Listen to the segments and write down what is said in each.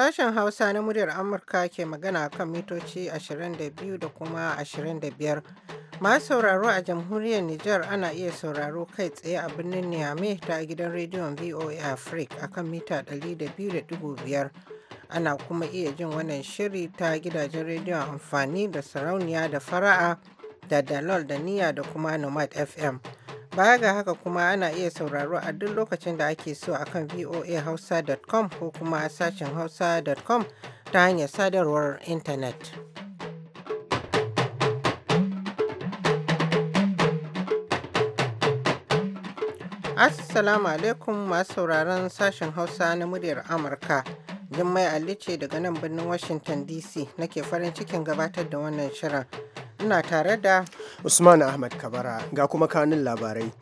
Sashen Hausa na muryar Amurka ke magana kan mitoci 22 da kuma 25. Masu sauraro a jamhuriyar Nijar ana iya sauraro kai tsaye a birnin Niamey ta gidan rediyon VOA Africa a kan mita 200.5. Ana kuma iya jin wannan shiri ta gidajen rediyon amfani da sarauniya da fara'a da dalol da niya da kuma nomad FM. Baya ga haka kuma ana iya sauraro a duk lokacin da ake so a kan voahausa.com ko kuma sashen hausa.com ta hanyar sadarwar intanet. Assalamu alaikum masu sauraron sashen Hausa na muryar Amurka. Jummai Ali ce daga nan birnin Washington DC nake farin cikin gabatar da wannan shirin. ina tare da Usman Ahmad Kabara ga kuma kanun labarai.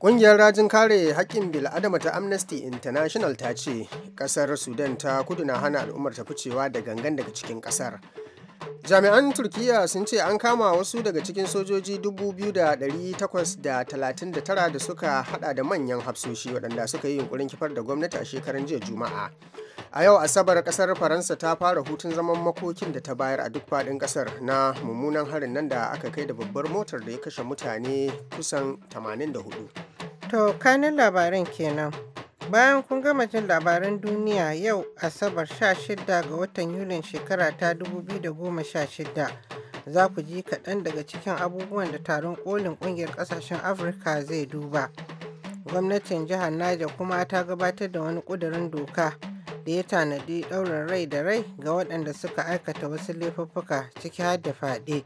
Ƙungiyar rajin kare haƙƙin bil'adama ta Amnesty International ta ce ƙasar Sudan ta kudu na hana al'ummar ta ficewa da gangan daga cikin ƙasar. Jami'an Turkiyya sun ce an kama wasu daga cikin sojoji 2,839 da suka hada da manyan hafsoshi waɗanda suka yi yunkurin kifar da gwamnati a shekaran jiya Juma'a. a yau asabar kasar faransa ta fara hutun zaman makokin da ta bayar a duk fadin kasar na mummunan harin nan da aka kai da babbar motar da ya kashe mutane kusan 84 to kanin labaran kenan bayan kun gama jin labaran duniya yau asabar 16 ga watan yulin shekara ta 2016 za ku ji kaɗan daga cikin abubuwan da taron kolin ƙungiyar ƙasashen afirka zai duba gwamnatin jihar niger kuma ta gabatar da wani ƙudurin doka da ya tanadi ɗaurin rai da rai ga waɗanda suka aikata wasu laifuffuka ciki har da faɗe.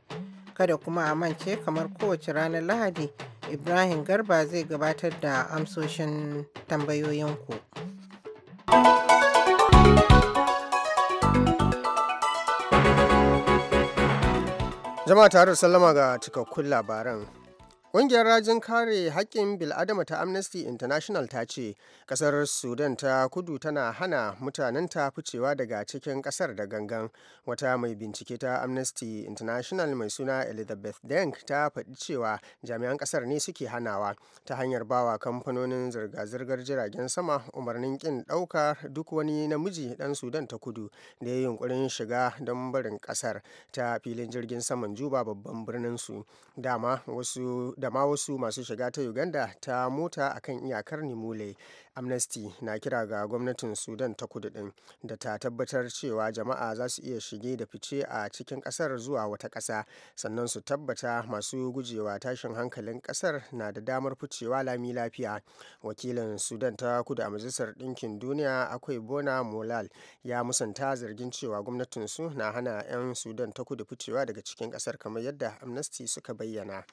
Kada kuma a mance kamar kowace ranar Lahadi, Ibrahim Garba zai gabatar da amsoshin tambayoyinku. Jama'a tare da sallama ga cikakkun labaran. Ƙungiyar rajin kare haƙƙin bil'adama ta Amnesty International ta ce ƙasar Sudan ta kudu tana hana mutanen mutanenta ficewa daga cikin ƙasar da gangan. Wata mai bincike ta Amnesty International mai suna Elizabeth Deng ta faɗi cewa jami'an ƙasar ne suke hanawa ta hanyar bawa kamfanonin zirga-zirgar jiragen sama umarnin ƙin ɗauka duk wani namiji ɗan Sudan ta kudu da ya yunƙurin shiga don barin ƙasar ta filin jirgin saman Juba babban birnin su. Dama wasu da ma wasu masu shiga ta uganda ta mota a kan iyakar nimule amnesty na kira ga gwamnatin sudan ta kudu din da ta tabbatar cewa jama'a za su iya shige da fice a cikin kasar zuwa wata kasa sannan su tabbata masu gujewa tashin hankalin kasar na da damar ficewa lami lafiya wakilin sudan ta kudu a majalisar ɗinkin duniya akwai bona molal ya musanta zargin cewa gwamnatin su na hana 'yan sudan ta kudu ficewa daga cikin kasar kamar yadda amnesty suka bayyana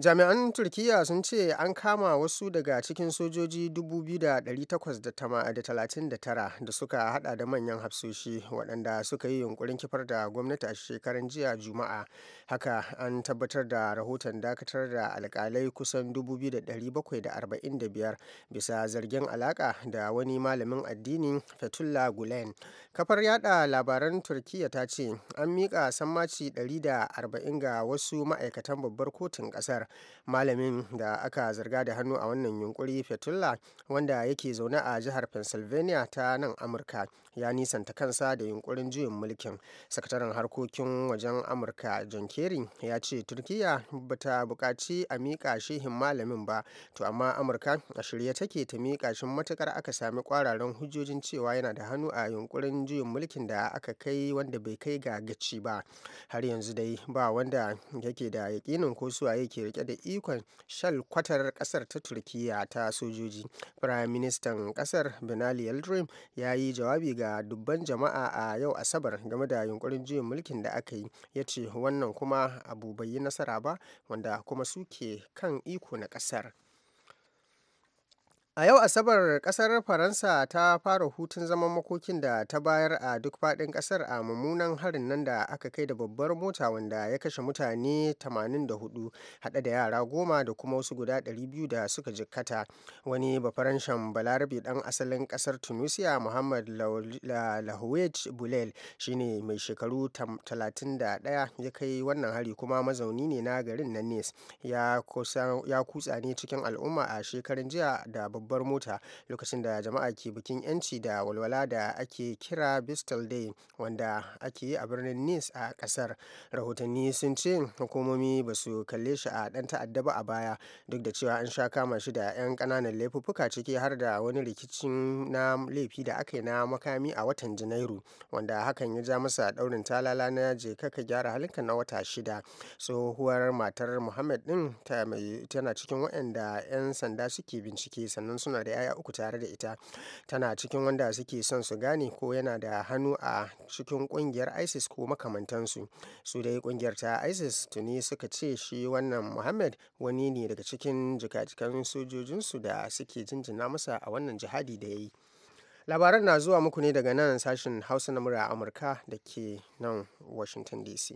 jami'an turkiyya sun ce an kama wasu daga cikin sojoji 2,839 da suka hada da manyan hafsoshi waɗanda suka yi yunkurin kifar da gwamnati a shekaran jiya juma'a haka an tabbatar da rahoton dakatar da alkalai kusan 2,745 bisa zargin alaka da wani malamin addinin fetullah gulen kafar yada labaran turkiyya ta ce an miƙa sammaci 140 ga wasu ma'aikatan babbar kotun ƙasar malamin da aka zarga da hannu a wannan yunkuri fetullah wanda yake zaune a jihar pennsylvania ta nan amurka ya nisanta kansa da yunkurin juyin mulkin sakataren harkokin wajen amurka john kerry ya ce turkiya ta buƙaci a miƙa shehin malamin ba to amma amurka a shirye take ta miƙa shi matukar aka sami kwararren hujjojin cewa yana da hannu a yunkurin juyin mulkin da aka kai wanda bai kai ga gaci ba har yanzu dai ba wanda yake da yaƙinin ko suwaye ke rike ta da ikon shal kwatar kasar ta turkiya ta sojoji firayim ministan kasar benali yildirim ya yi jawabi ga dubban jama'a a yau asabar game da yunkurin juyin mulkin da aka yi ya ce wannan kuma abu bai yi nasara ba wanda kuma suke kan iko na kasar A yau Asabar kasar Faransa ta fara hutun zaman makokin da ta bayar a duk faɗin ƙasar a mummunan harin nan da aka kai da babbar mota wanda ya kashe mutane 84 haɗe da yara goma da kuma wasu guda 200 da suka jikkata. Wani bafaranshan balarabe dan asalin ƙasar Tunisia Muhammad Lahouet Boulel shine mai shekaru 31 ya kai wannan hari kuma mazauni ne na garin na Nice. Ya kutsa ne cikin al'umma a shekarun jiya da babbar babbar mota lokacin da jama'a ke bikin 'yanci da walwala da ake kira Bristol Day wanda ake yi a birnin Nice a kasar. Rahotanni sun ce hukumomi ba su kalle shi a dan ta'adda ba a baya duk da cewa an sha kama shi da 'yan kananan laifuffuka ciki har da wani rikicin na laifi da aka yi na makami a watan Janairu wanda hakan ya ja masa daurin talala na je kaka gyara halinka na wata shida. Tsohuwar matar Muhammad ɗin tana cikin waɗanda 'yan sanda suke bincike sannan suna da 'ya'ya uku tare da ita tana cikin wanda suke son su gane ko yana da hannu a cikin kungiyar isis ko makamantansu su dai kungiyar ta isis tuni suka ce shi wannan muhammad wani ne daga cikin jikajikan sojojinsu da suke jinjina masa a wannan jihadi da ya yi labaran na zuwa muku ne daga nan sashen hausa na murya amurka da ke nan washington dc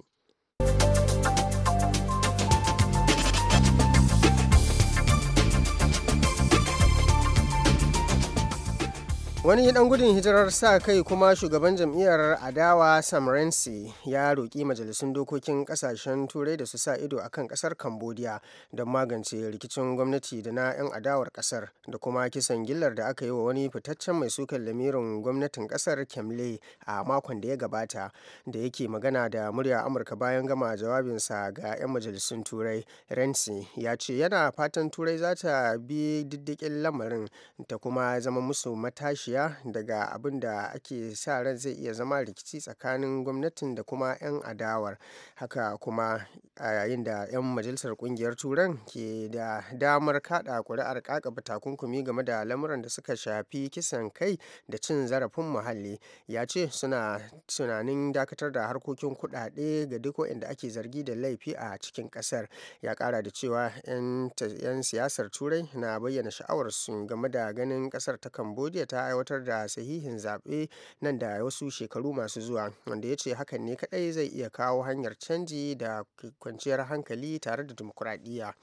wani dan gudun hijirar sa kai kuma shugaban jam'iyyar adawa sam rensi ya roƙi majalisun dokokin kasashen turai da su sa ido a kan ƙasar cambodia don magance rikicin gwamnati da na 'yan adawar ƙasar da kuma kisan gillar da aka yi wa wani fitaccen mai sukan lamirin gwamnatin ƙasar kemle a makon da ya gabata da yake magana da murya amurka bayan gama jawabinsa ga 'yan majalisun turai rensi ya ce yana fatan turai za ta bi diddikin lamarin ta kuma zama musu matashi zuciya daga abin da ake sa ran zai iya zama rikici tsakanin gwamnatin da kuma 'yan adawar haka kuma a yayin da 'yan majalisar kungiyar turan ke da damar kada kuri'ar kakaba takunkumi game da lamuran da suka shafi kisan kai da cin zarafin muhalli ya ce suna tunanin dakatar da harkokin kuɗaɗe ga duk inda ake zargi da laifi a cikin ƙasar ya ƙara da cewa 'yan siyasar turai na bayyana sha'awar su game da ganin ƙasar ta cambodia ta aiwata. tabbatar da sahihin zaɓe nan da wasu shekaru masu zuwa wanda ya ce hakan ne kaɗai zai iya kawo hanyar canji da kwanciyar hankali tare da dimokuraɗiyya.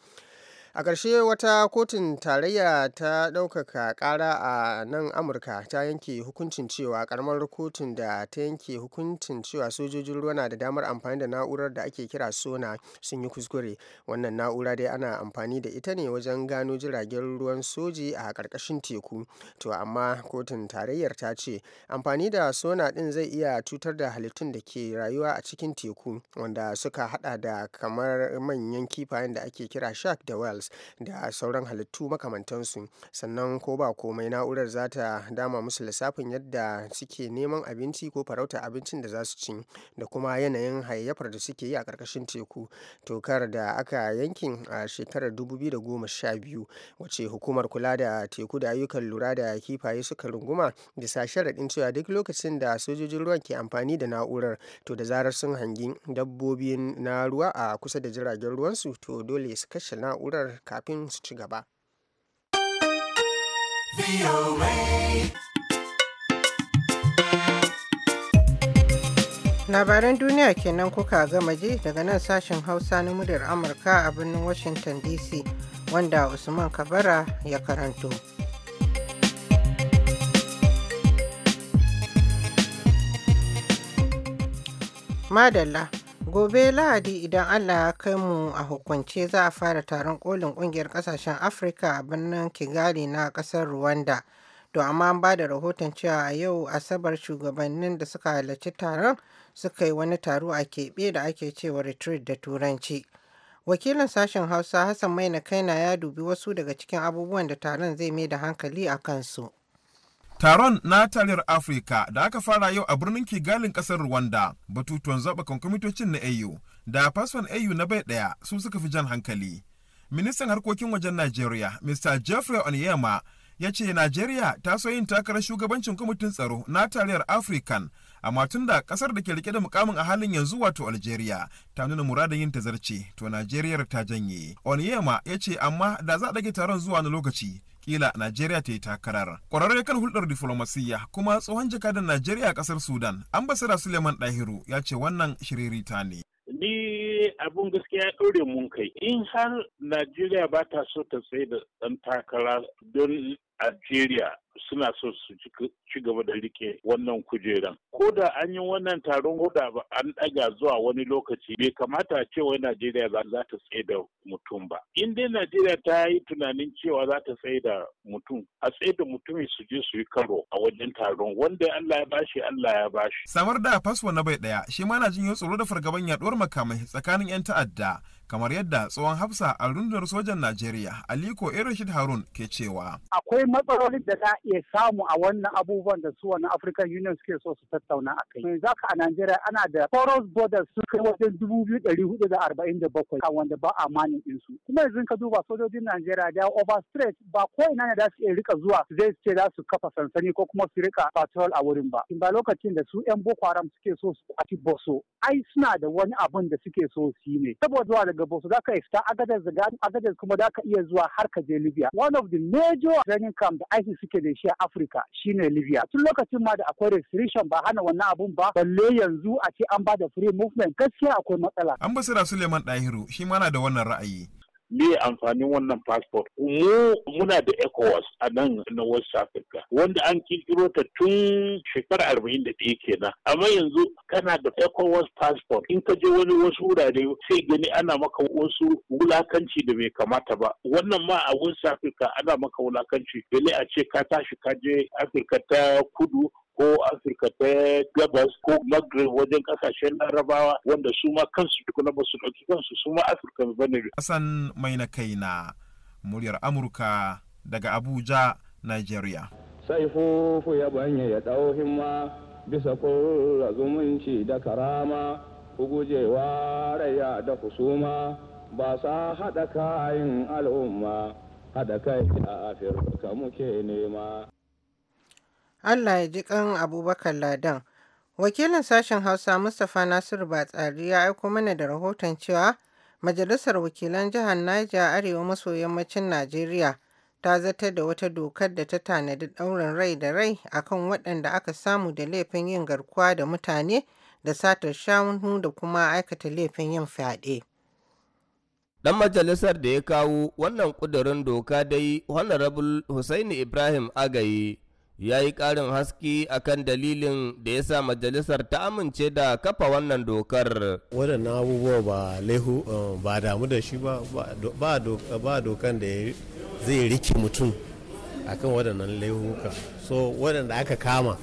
a ƙarshe wata kotun tarayya ta ɗaukaka ƙara a nan amurka ta yanke hukuncin cewa ƙaramar kotun da ta yanke hukuncin cewa sojojin ruwa na da damar amfani da na'urar da ake kira sona sun yi kuskure wannan na'ura dai ana amfani da ita ne wajen gano jiragen ruwan soji a ƙarƙashin teku to amma kotun tarayyar ta ce amfani da sona ɗin zai iya cutar da halittun da ke rayuwa a cikin teku wanda suka haɗa da kamar manyan kifayen da ake kira shark da whale turtles da sauran halittu makamantansu sannan ko ba komai na'urar za ta dama musu lissafin yadda suke neman abinci ko farauta abincin da za su ci da kuma yanayin hayayyafar da suke yi a ƙarƙashin teku tokar da aka yankin a shekarar 2012 wace hukumar kula da teku da ayyukan lura da kifaye suka runguma bisa sharaɗin cewa duk lokacin da sojojin ruwan ke amfani da na'urar to da zarar sun hangi dabbobi na ruwa a kusa da jiragen ruwansu to dole su kashe na'urar kafin su ci gaba. Labaran duniya kenan kuka gama ji daga nan sashen Hausa na muryar Amurka a birnin Washington DC wanda Usman Kabara ya karanto. Madalla. Gobe Lahadi idan Allah ya kai mu a hukunce za a fara taron kolin kungiyar kasashen Afirka a birnin Kigali na kasar Rwanda. To amma an ba da rahoton cewa a yau Asabar shugabannin da suka halarci taron suka yi wani taro a keɓe da ake cewa retreat da turanci. Wakilin sashen Hausa Hassan Maina Kaina ya dubi wasu daga cikin abubuwan da taron zai mai da hankali a kansu. Taron na taliyar Afirka da aka fara yau a birnin Kigalin kasar Rwanda batutuwan zaɓakan kwamitocin na AU da fasfan AU na bai ɗaya su suka fi jan hankali. Ministan harkokin wajen Najeriya, Mr. Jeffrey Onyema, ya ce Najeriya ta so yin takarar shugabancin kwamitin tsaro na taliyar African, amma tun da kasar da ke rike da mukamin a halin yanzu wato Algeria ta nuna muradin yin tazarce, to Najeriyar ta janye. Onyema ya ce amma da za a ɗage taron zuwa na lokaci, kila Najeriya ta yi takarar. Kwararre kan hulɗar diflomasiyya kuma tsohon jakadan Najeriya a ƙasar Sudan, ambasada Suleiman Dahiru ya ce wannan shiririta ne. Ni abun gaskiya ya ɗaure mun kai. In har Najeriya ba ta so ta tsaye da ɗan takara don Algeria suna so su ci gaba da rike wannan kujeran. Ko da an yi wannan taron hoda ba an ɗaga zuwa wani lokaci bai kamata a cewa Najeriya za ta tsaye da mutum ba. In dai Najeriya ta yi tunanin cewa za ta tsaye da mutum, a tsaye da mutumin su je su yi karo a wajen taron wanda Allah ya bashi Allah ya bashi. Samar da faswa na bai ɗaya shi ma na jin tsoro da fargaban yaɗuwar makamai tsakanin 'yan ta'adda kamar yadda tsohon hafsa a rundunar sojan Najeriya Aliko Irashid Harun ke cewa. Akwai matsalolin da za iya samu a wannan abubuwan da su wannan African Union suke so su tattauna a kai. Za ka a Najeriya ana da Foro's borders su kai wajen dubu biyu dari hudu da arba'in da bakwai a wanda ba a in su. Kuma yanzu ka duba sojojin Najeriya da over straight ba ko ina ne za su iya rika zuwa su zai ce za su kafa sansani ko kuma su rika patrol a wurin ba. In ba lokacin da su 'yan Boko Haram suke so su kwaci boso. Ai suna da wani abun da suke so su yi ne. Saboda daga gabo su zaka ka agadar da ganin Agadez kuma za ka iya zuwa har ka je Libya. One of the major training camp da ISIS suke da shi a Afirka shine Libya. Tun lokacin ma da akwai restriction ba hana wannan abun ba balle yanzu a ce an ba da free movement gaskiya akwai matsala. Ambassador Suleiman Dahiru shi ma na da wannan ra'ayi. me amfanin wannan passport mu muna da ecowas a nan na west africa wanda an kirkiro ta tun shekara arba'in da ɗaya kenan amma yanzu kana da ecowas passport in ka je wani wasu wurare sai gani ana maka wasu wulakanci da bai kamata ba wannan ma a west africa ana maka wulakanci bele a ce ka tashi ka je afirka ta kudu ko afirka ta gabas ko maghrib wajen kasashen larabawa wanda su ma kansu tukuna ba su ɗauki kansu su ma afirka ba ne. hassan mai na kaina muryar amurka daga abuja nigeria. sai fufu ya banye ya dawo himma bisa kurra zumunci da karama ku gujewa raya da kusuma ba sa haɗa kayan al'umma haɗa kai a afirka muke nema. Allah ya ji kan Abubakar Ladan. Wakilin sashen Hausa Mustapha Nasiru Batsari ya aiko mana da rahoton cewa Majalisar Wakilan Jihar Niger Arewa maso yammacin Najeriya ta zata da wata dokar da ta tanadi daurin rai da rai akan waɗanda aka samu da laifin yin garkuwa da mutane da satar shanu da kuma aikata laifin yin fyaɗe. Dan majalisar da ya kawo wannan ƙudurin doka dai Honorable Hussaini Ibrahim Agayi ya yi ƙarin haski akan dalilin da ya sa majalisar ta amince da kafa wannan dokar. waɗannan abubuwa ba lehu eh, ba damu da shi ba ba dokan da zai rike mutum akan waɗannan laihuka so waɗanda aka kama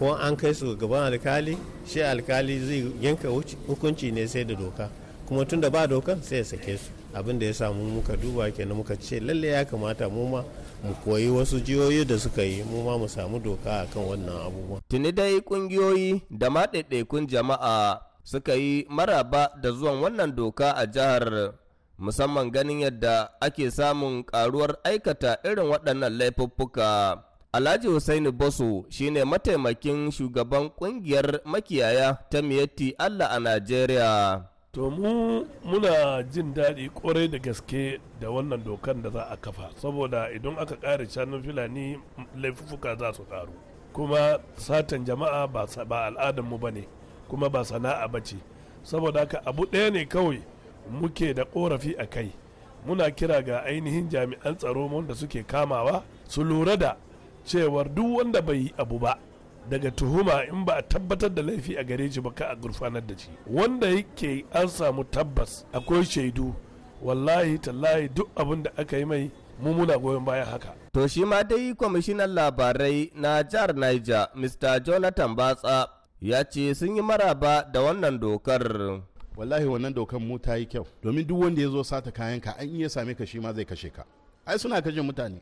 ko an kai su gaban alkali shi alkali zai yanka hukunci ne sai da doka kuma tun da ba dokan sai ya sake su abin da ya samu muka duba kenan muka ce lalle ya kamata mu ma mu koyi wasu jihohi da suka yi mu ma mu samu doka a kan wannan abubuwa tuni dai kungiyoyi da ma ɗaiɗaikun jama'a suka yi maraba da zuwan wannan doka a jihar musamman ganin yadda ake samun karuwar aikata irin waɗannan laifuffuka Alhaji Hussaini Boso shine mataimakin shugaban kungiyar makiyaya ta Miyatti Allah a Najeriya. to mu muna jin daɗi kwarai da gaske da wannan dokan da za a kafa saboda idan aka ƙare shanun filani laifuka za su ƙaru kuma satan jama'a ba al'adarmu ba ne kuma ba sana'a ba ce saboda haka abu ɗaya ne kawai muke da ƙorafi a kai muna kira ga ainihin jami'an tsaro wanda suke kamawa su lura da cewar duk wanda bai yi abu ba daga tuhuma in ba a tabbatar da laifi a gare shi ba ka a gurfanar da shi wanda yake an samu tabbas akwai shaidu wallahi tallahi duk abin da aka yi mai mu goyon bayan haka to shi ma dai kwamishinan labarai na jihar niger mr jonathan batsa ya ce sun yi maraba da wannan dokar wallahi wannan dokar mu ta yi kyau domin duk wanda ya zo sata kayanka an iya same ka shi ma zai kashe ka ai suna kashe mutane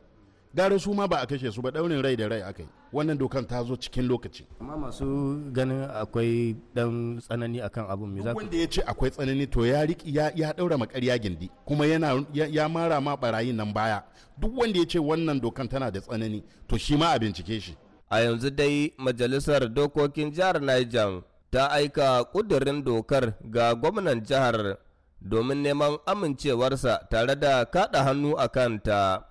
gara su ma ba a kashe su ba daurin rai da rai aka yi wannan dokan ta zo cikin lokaci amma masu ganin akwai dan tsanani akan abun me za wanda ya ce akwai tsanani to ya riki ya ya daura makarya gindi kuma yana ya, mara ma barayin nan baya duk wanda ya ce wannan dokan tana da tsanani to shi ma a bincike shi a yanzu dai majalisar dokokin jihar Niger ta aika kudirin dokar ga gwamnan jihar domin neman amincewarsa tare da kada hannu a kanta.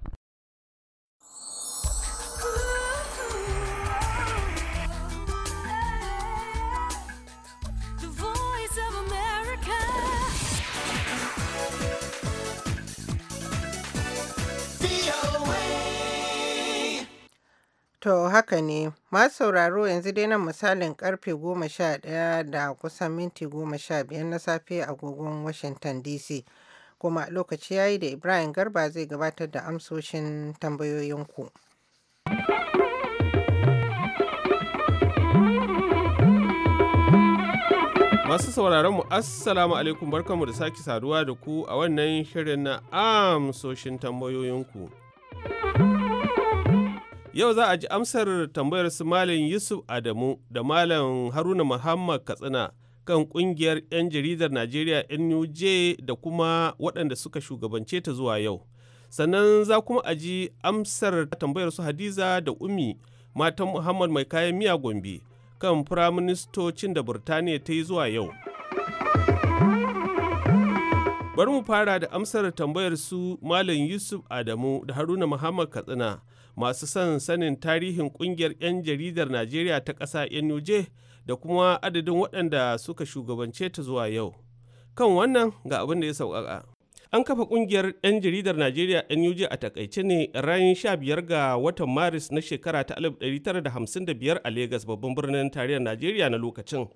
To haka ne, masu sauraro yanzu dai nan misalin karfe goma sha ɗaya da kusan minti goma sha na safe a gogon Washington DC. Kuma lokaci yayi da Ibrahim Garba zai gabatar da amsoshin tambayoyinku. Masu sauraron mu Assalamu alaikum barkanmu da sake saduwa da ku a wannan shirin na amsoshin tambayoyinku. Yau za a ji amsar tambayar su Malam Yusuf Adamu da Malam Haruna Muhammad Katsina kan kungiyar 'yan jaridar Najeriya NUJ da kuma waɗanda suka shugabance ta zuwa yau. Sannan za kuma a ji amsar tambayar su Hadiza da Umi matan Muhammad mai kayan miya Gombe kan firaministocin da Burtaniya ta yi zuwa yau. Bari mu fara da amsar tambayar su Malam Yusuf Adamu da Haruna Muhammad Katsina. masu son sanin tarihin kungiyar 'yan jaridar Najeriya ta ƙasa NUJ da kuma adadin waɗanda suka shugabance ta zuwa yau. Kan wannan ga abin da ya sauƙaƙa. An kafa kungiyar 'yan jaridar Najeriya yuje a takaice ne ranar 15 ga watan Maris na shekara ta 1955 a Legas babban birnin tarihin Najeriya na lokacin.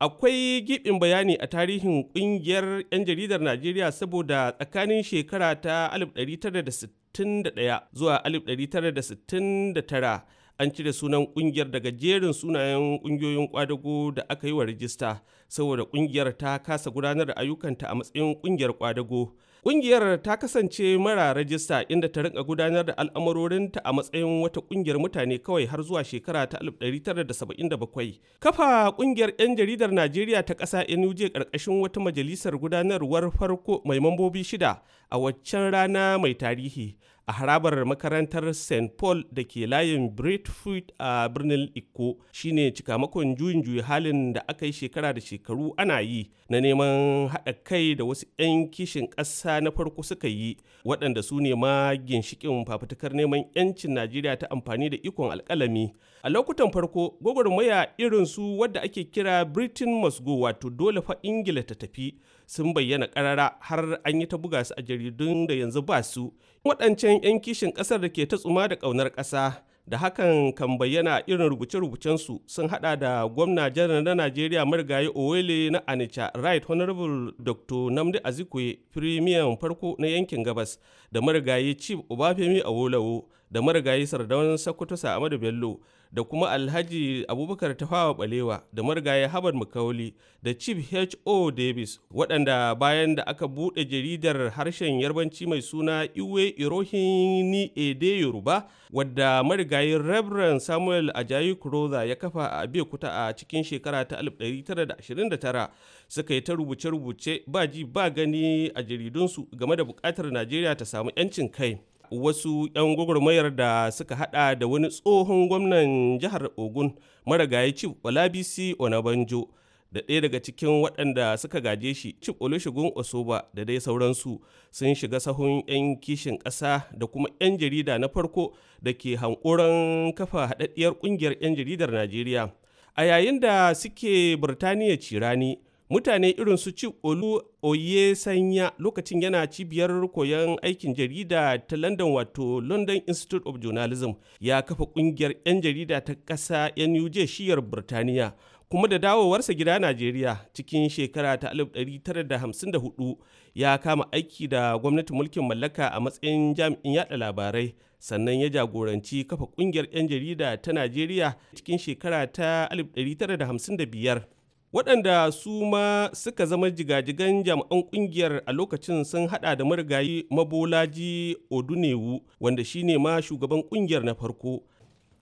Akwai gibin bayani a tarihin ƙungiyar 'yan jaridar Najeriya saboda tsakanin shekara ta 1961 zuwa 1969 an cire sunan ƙungiyar daga jerin sunayen ƙungiyoyin ƙwadago da aka yi wa rijista saboda ƙungiyar ta kasa gudanar da ayyukanta a matsayin ƙungiyar ƙwadago. Ƙungiyar ta kasance mara rajista inda ta rinka gudanar da al'amurorinta a matsayin wata ƙungiyar mutane kawai har zuwa shekara ta 1977. Kafa ƙungiyar 'yan jaridar Najeriya ta ƙasa Enuje ƙarƙashin wata majalisar gudanarwar farko mai mambobi shida a waccan rana mai tarihi. a harabar makarantar st paul da ke layin britford a birnin iko shine cikamakon juyin juyi halin da aka yi shekara da shekaru ana yi na neman haɗa kai da wasu 'yan kishin ƙasa na farko suka yi waɗanda su ne ma ginshiƙin fafutukar neman 'yancin najeriya ta amfani da ikon alkalami. a lokutan farko gwagwarmaya irin su wadda ake kira britain must go wato dole fa ingila ta tafi sun bayyana karara har an yi ta buga su a jaridun da yanzu ba su waɗancan 'yan kishin ƙasar da ke ta tsuma da ƙaunar ƙasa da hakan kan bayyana irin rubuce-rubucensu sun hada da gwamna janar na najeriya marigayi owele na anicha right honorable dr namdi azikwe premium farko na yankin gabas da marigayi chief obafemi awolowo da marigayi sardawan sakkwato sa'amadu bello da kuma alhaji abubakar tafawa balewa da marigayi habar mukauli da chief ho davis waɗanda bayan da aka buɗe jaridar harshen yarbanci mai suna iwe irohini ede yoruba wadda marigayi reverend samuel ajayi kuroza ya kafa a abeokuta a cikin shekara ta 1929 suka yi ta rubuce-rubuce ba ji ba gani a jaridunsu game da buƙatar najeriya ta samu 'yancin kai wasu 'yan gwagwarmayar da suka hada da wani tsohon gwamnan jihar ogun marigayi chief olabisi onabanjo da ɗaya daga cikin waɗanda suka gaje shi chief olusegun osoba da dai sauransu sun shiga sahun 'yan kishin ƙasa da kuma 'yan jarida na farko da ke hankoron kafa haɗaɗɗiyar ƙungiyar 'yan jaridar najeriya a yayin da suke birtaniya cirani mutane irin su ci olu oye sanya lokacin yana cibiyar koyon aikin jarida ta london wato london institute of journalism ya kafa kungiyar 'yan jarida ta ƙasa nuj shiyar birtaniya kuma da dawowarsa gida najeriya cikin shekara ta 1954 ya kama aiki da gwamnatin mulkin mallaka a matsayin jami'in yada labarai sannan ya jagoranci kafa kungiyar 'yan jarida ta najeriya cikin shekara ta 1955 waɗanda su ma suka zama jigajigan jami'an ƙungiyar a lokacin sun haɗa da marigayi mabolaji odunewu wanda shi ne ma shugaban ƙungiyar na farko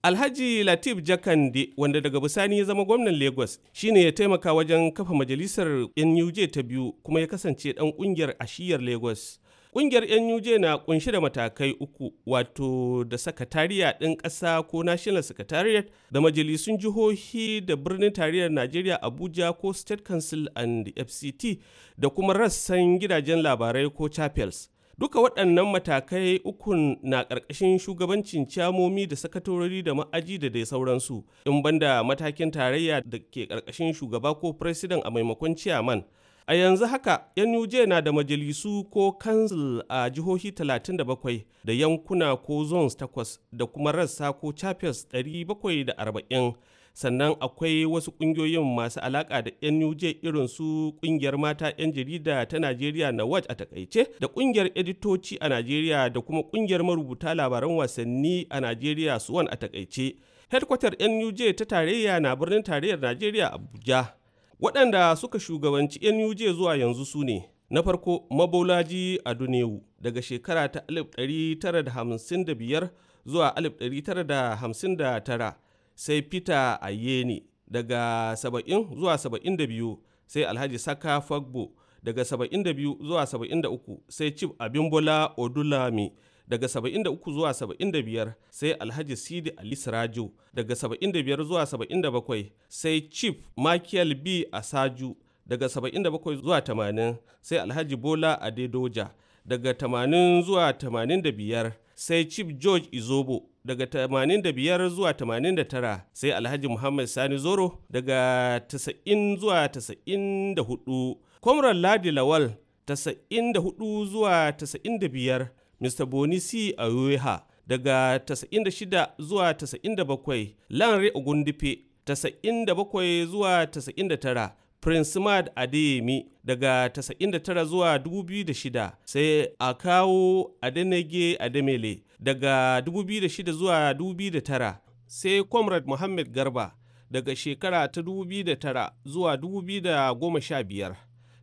alhaji latif jakande wanda daga bisani ya zama gwamnan lagos shi ne ya taimaka wajen kafa majalisar nuj ta biyu kuma ya kasance ɗan ƙungiyar shiyar lagos Ƙungiyar NUJ na kunshi da matakai uku wato da sakatariya ɗin ƙasa ko National Secretariat da majalisun jihohi da birnin tariyar Najeriya Abuja ko State Council and FCT da kuma rassan gidajen labarai ko chapels. Duka waɗannan matakai ukun na ƙarƙashin shugabancin ciyamomi da sakatorori da ma'aji da dai sauransu, in banda matakin tarayya da ke ƙarƙashin shugaba ko firesidan a maimakon ciyaman. A yanzu haka, 'yan Nuje na da majalisu ko kansil a jihohi 37 da yankuna ko zones 8 da kuma rassa ko chapters 740. Sannan akwai wasu ƙungiyoyin masu alaƙa da 'yan Nuje irin su ƙungiyar mata 'yan jarida ta Najeriya na watch a takaice da ƙungiyar editoci a Najeriya da kuma ƙungiyar marubuta labaran wasanni a Najeriya Suwan a takaice. Hedkwatar NUJ ta tarayya na birnin tarayyar Najeriya Abuja. Waɗanda suka shugabanci NUJ zuwa yanzu su ne, na farko Mabolaji Adunewu daga shekara ta 1955 zuwa 1959, sai Peter Ayeni daga 70 zuwa 72, sai Alhaji Saka Fagbo daga 72 zuwa 73, sai Chief Abimbola Odulami daga 73 zuwa 75 sai alhaji sidi ali sirajo daga 75 zuwa 77 sai chief michael b asaju daga 77 zuwa 80 sai alhaji bola adedoja daga 80 zuwa 85 sai chief george izobo daga 85 zuwa 89 sai alhaji muhammad sani zoro daga 90 zuwa 94 kwamran ladi lawal 94 zuwa 95 Mr. Bonisi Aruweha daga 96 zuwa 97, Lanre Ogundipe 97 zuwa 99, Prince Mad Adeyemi daga 99 zuwa 2006 sai a kawo Adenege Ademele daga 2006 zuwa 2009 sai Comrade Muhammad Garba daga shekara ta 2009 zuwa 2015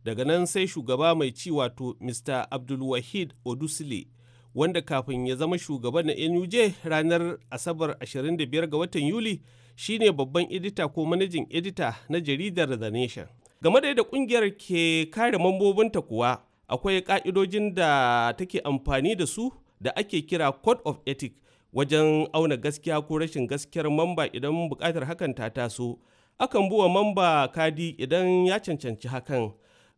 daga nan sai shugaba mai ci wato Mr. Abdulwahid Odusile wanda kafin ya zama shugaban na nuj ranar asabar 25 ga watan yuli shine babban edita ko manajin edita na jaridar the nation game da yadda kungiyar ke kare mambobinta kuwa akwai ka'idojin da take amfani da su da ake kira code of ethics wajen auna gaskiya ko rashin gaskiyar mamba idan bukatar hakan ta taso akan buwa mamba kadi idan ya cancanci hakan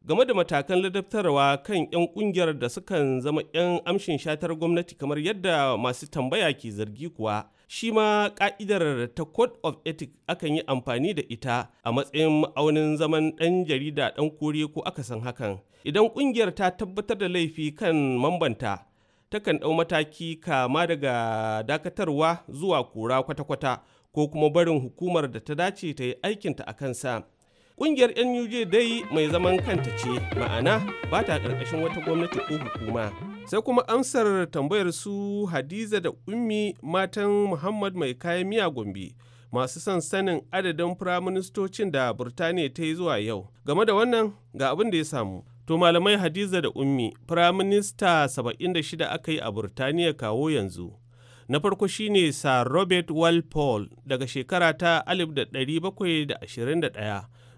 game da matakan ladabtarwa kan 'yan kungiyar da sukan zama 'yan amshin shatar gwamnati kamar yadda masu tambaya ke zargi kuwa shi ma ka'idar ta code of ethics akan yi amfani da ita a matsayin ma'aunin zaman ɗan jarida ɗan kore ko akasin hakan idan kungiyar ta tabbatar da laifi kan mambanta takan ɗau mataki kama daga dakatarwa zuwa kura kwata-kwata ko kuma barin hukumar da ta dace ta yi aikinta a kansa Ƙungiyar NUJ dai mai zaman kanta ce, ma'ana ba ta ƙarƙashin wata gwamnati ko hukuma. Sai kuma amsar tambayar su Hadiza da Ummi matan Muhammad mai kayan miya Gombe. Masu son sanin adadin firaministocin da Burtaniya ta yi zuwa yau. Game da wannan ga abin da ya samu. To malamai Hadiza da Ummi, firaminista 76 aka yi a Burtaniya kawo yanzu. na farko shine sir robert walpole daga shekara ta 1721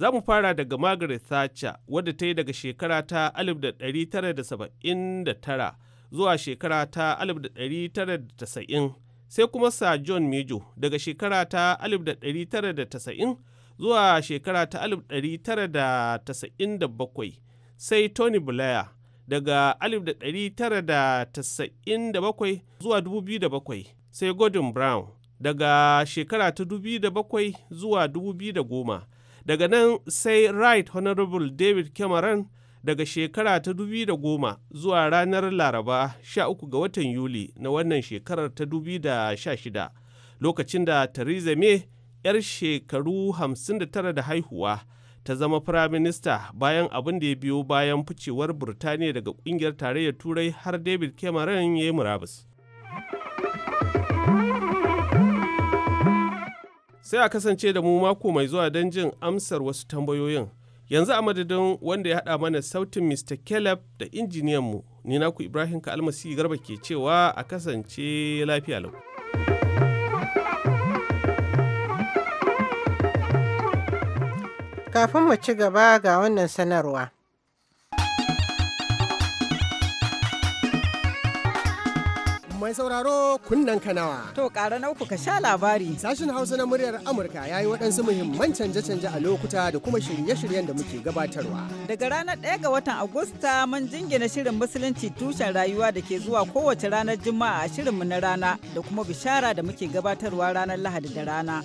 Za mu fara daga Margaret Thatcher wadda ta yi daga shekara ta 1979 zuwa shekara ta 1990 sai kuma Sir John Mijo daga shekara ta 1990 zuwa shekara ta 1997 sai Tony Blair daga 1997 zuwa 2007 sai Gordon Brown daga shekara ta 2007 zuwa 2010 daga nan sai right honorable david cameron daga shekara ta da goma zuwa ranar laraba 13 ga watan yuli na wannan shekarar ta shida lokacin da theresa may 'yar shekaru 59 da haihuwa ta zama firaminista bayan abin da ya biyo bayan ficewar burtaniya daga kungiyar tarayyar turai har david cameron ya yi murabus sai a kasance da mu mako mai zuwa don jin amsar wasu tambayoyin. Yanzu a madadin wanda ya haɗa mana sautin Mr. Caleb da injiniyanmu, ni naku Ibrahim Kalmasi Garba ke cewa a kasance lafiya lau. Kafin mu ci gaba ga wannan sanarwa. mai sauraro kunnen kanawa. To ƙara nauku ka sha labari. Sashen Hausa na muryar Amurka ya yi waɗansu muhimman canje-canje a lokuta da kuma shirye-shiryen da muke gabatarwa. Daga ranar ɗaya ga watan Agusta mun jingina shirin Musulunci tushen rayuwa da ke zuwa kowace ranar Juma'a a shirinmu na rana da kuma bishara da muke gabatarwa ranar Lahadi da rana.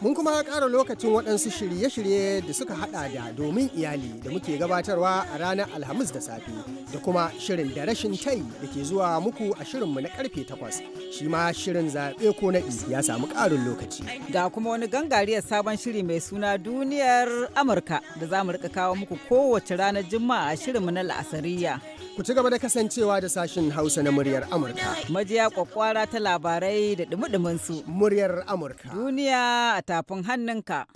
Mun kuma ƙara lokacin waɗansu shirye-shirye da suka haɗa da domin iyali da muke gabatarwa a ranar Alhamis da safe da kuma shirin da rashin tai da ke zuwa muku a shirinmu na karfe takwas. Shi ma shirin zaɓe ko naɗi ya samu ƙarin lokaci. Da kuma wani gangariyar sabon shiri mai suna duniyar Amurka da za mu rika kawo muku kowace ranar Juma'a a shirinmu na La'asariya. Ku ci gaba da kasancewa da sashin Hausa na muryar Amurka. Majiya kwakwara ta labarai da dumi su. Muryar Amurka. Duniya a tafin hannunka.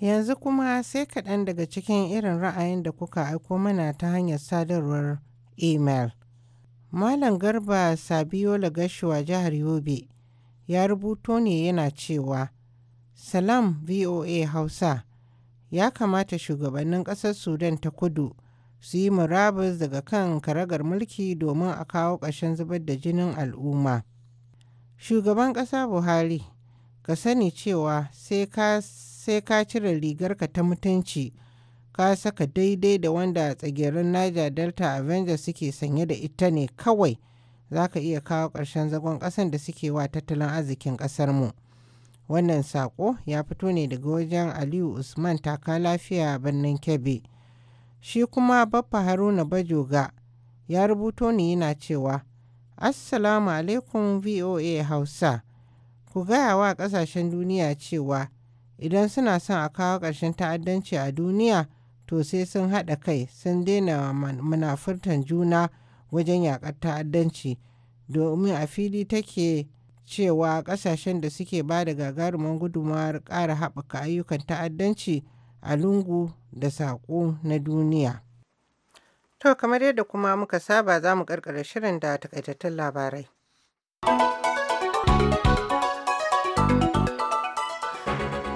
Yanzu kuma sai kaɗan daga cikin irin ra'ayin da kuka aiko mana ta hanyar sadarwar email. Malam Garba Sabiyo Lagashuwa jihar Yobe ya rubuto ne yana cewa, Salam VOA Hausa, ya kamata shugabannin ƙasar Sudan ta kudu su yi murabus daga kan karagar mulki domin a kawo ƙarshen zubar da jinin al'umma. Shugaban ƙasa Buhari, ka sani cewa sai ka cire rigarka ta mutunci ka saka daidai da wanda tsagerin Niger Delta Avengers suke sanye da ita ne kawai za ka iya kawo ƙarshen zagon ƙasan da suke wa tattalin arzikin ƙasar mu. Wannan saƙo ya fito ne daga wajen Aliyu Usman taka lafiya birnin Kebbi. Shi kuma Baffa Haruna Bajoga ya rubuto ni yana cewa, Assalamu alaikum VOA Hausa. Ku gaya wa ƙasashen duniya cewa idan suna son a kawo ƙarshen ta'addanci a duniya to sai sun haɗa kai sun daina munafurtan juna wajen yaƙar ta'addanci domin a fili take cewa ƙasashen da suke ba da gagarumin gudumawar ƙara haɓaka ayyukan ta'addanci a lungu da saƙo na duniya. To kamar yadda kuma muka saba za mu shirin da takaitattun labarai.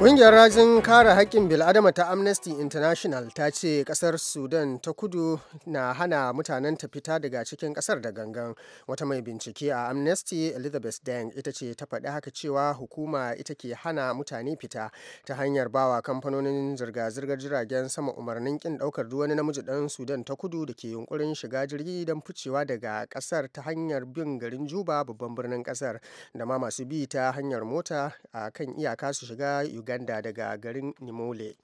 Ƙungiyar rajin kare haƙƙin bil'adama ta Amnesty International ta ce ƙasar Sudan ta kudu na hana mutanen ta fita daga cikin ƙasar da gangan. Wata mai bincike a Amnesty Elizabeth Deng ita ce ta faɗi haka cewa hukuma ita ke hana mutane fita ta hanyar bawa kamfanonin zirga-zirgar jiragen sama umarnin kin ɗaukar duwani namiji ɗan Sudan ta kudu da ke yunƙurin shiga jirgi don ficewa daga ƙasar ta hanyar bin garin Juba babban birnin ƙasar da ma masu bi ta hanyar mota a kan iyaka su shiga Uganda. propaganda daga garin Nimole.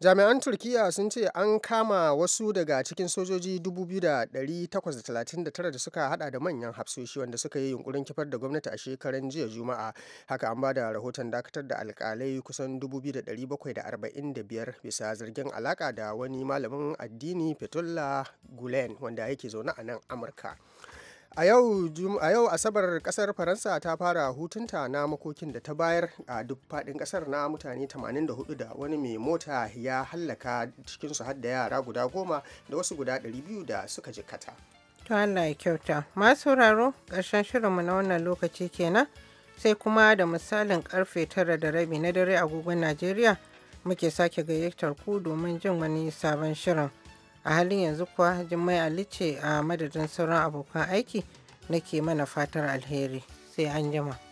jami'an turkiyya sun ce an kama wasu daga cikin sojoji 2,839 da suka hada da manyan hafsoshi wanda suka yi yunkurin kifar da gwamnati a shekaran jiya juma'a haka an ba da rahoton dakatar da alkalai kusan 2,745 bisa zargin alaka da wani malamin addini fetullah gulen wanda yake zaune a nan amurka a yau asabar kasar faransa ta fara hutunta na makokin da ta bayar a duk fadin kasar na mutane 84 da wani mai mota ya hallaka cikinsu har da yara guda goma da wasu guda 200 da suka jikata to allah ya kyauta masu sauraro ƙarshen shirinmu na wannan lokaci kenan sai kuma da misalin karfe tara da rabi na dare agogon najeriya muke sake gayyatar ku domin jin wani sabon shirin a halin yanzu kuwa Jummai Ali ce a madadin sauran abokan aiki nake mana fatar alheri sai an jima.